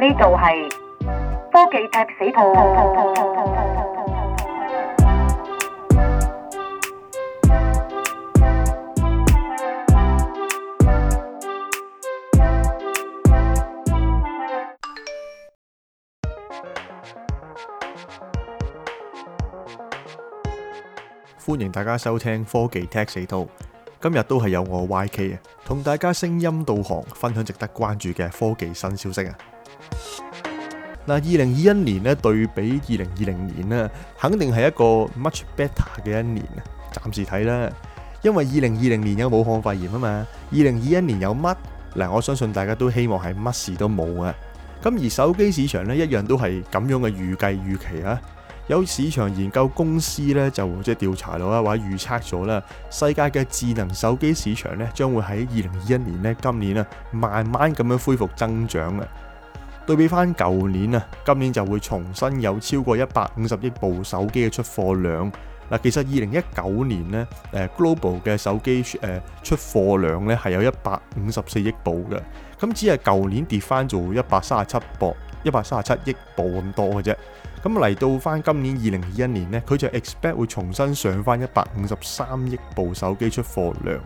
呢度係科技 TechCTO，歡迎大家收聽科技 TechCTO。今日都係有我 YK 同大家聲音導航分享值得關注嘅科技新消息啊！嗱，二零二一年咧對比二零二零年咧，肯定係一個 much better 嘅一年。暫時睇啦，因為二零二零年有武漢肺炎啊嘛，二零二一年有乜？嗱，我相信大家都希望係乜事都冇啊。咁而手機市場咧一樣都係咁樣嘅預計預期啊。有市場研究公司呢，就即係調查到啦，或者預測咗啦，世界嘅智能手機市場呢，將會喺二零二一年咧今年啊慢慢咁樣恢復增長嘅。對比翻舊年啊，今年就會重新有超過一百五十億部手機嘅出貨量。嗱，其實二零一九年呢，誒 global 嘅手機誒出貨量咧係有一百五十四億部嘅，咁只係舊年跌翻做一百三十七部、一百三十七億部咁多嘅啫。咁嚟到翻今年二零二一年呢，佢就 expect 會重新上翻一百五十三億部手機出貨量。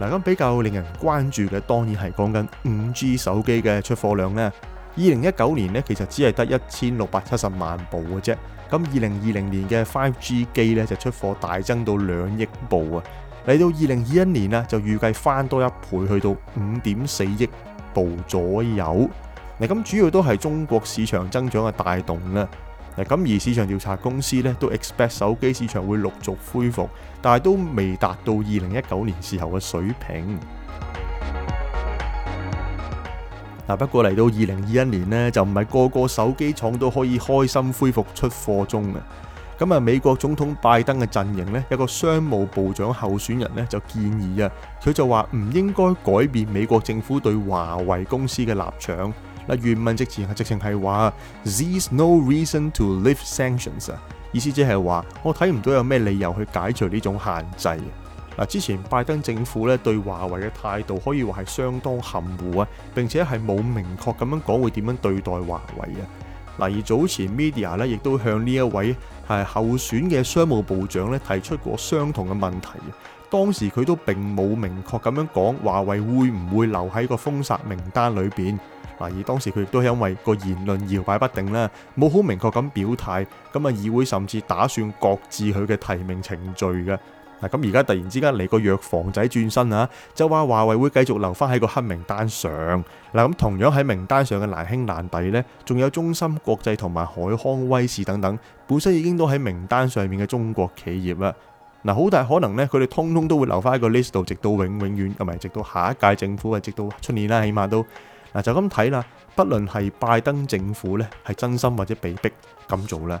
嗱，咁比較令人關注嘅當然係講緊五 G 手機嘅出貨量呢。二零一九年咧，其實只係得一千六百七十萬部嘅啫。咁二零二零年嘅 5G 機咧就出貨大增到兩億部啊！嚟到二零二一年呢，就預計翻多一倍，去到五點四億部左右。嗱，咁主要都係中國市場增長嘅帶動啦。嗱，咁而市場調查公司咧都 expect 手機市場會陸續恢復，但係都未達到二零一九年時候嘅水平。嗱，不過嚟到二零二一年呢，就唔係個個手機廠都可以開心恢復出貨中嘅。咁啊，美國總統拜登嘅陣營呢，有個商務部長候選人呢，就建議啊，佢就話唔應該改變美國政府對華為公司嘅立場。嗱，原文直情係話，There's no reason to lift sanctions 啊，意思即係話我睇唔到有咩理由去解除呢種限制。嗱，之前拜登政府咧對華為嘅態度可以話係相當含糊啊，並且係冇明確咁樣講會點樣對待華為啊。嗱，而早前 media 咧亦都向呢一位係候選嘅商務部長咧提出過相同嘅問題，當時佢都並冇明確咁樣講華為會唔會留喺個封殺名單裏邊。嗱，而當時佢亦都因為個言論搖擺不定啦，冇好明確咁表態，咁啊議會甚至打算擱置佢嘅提名程序嘅。嗱，咁而家突然之間嚟個藥房仔轉身啊，就話華為會繼續留翻喺個黑名單上。嗱，咁同樣喺名單上嘅難兄難弟咧，仲有中芯國際同埋海康威視等等，本身已經都喺名單上面嘅中國企業啦。嗱，好大可能呢，佢哋通通都會留翻喺個 list 度，直到永永遠，唔係，直到下一屆政府啊，直到出年啦，起碼都嗱就咁睇啦。不論係拜登政府呢，係真心或者被逼咁做啦。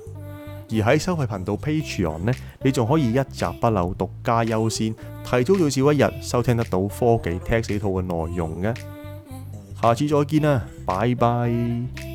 而喺收費頻道 Patreon 呢，你仲可以一集不漏、獨家優先、提早最少一日收聽得到科技 Tech Talk 呢套嘅內容嘅。下次再見啦，拜拜。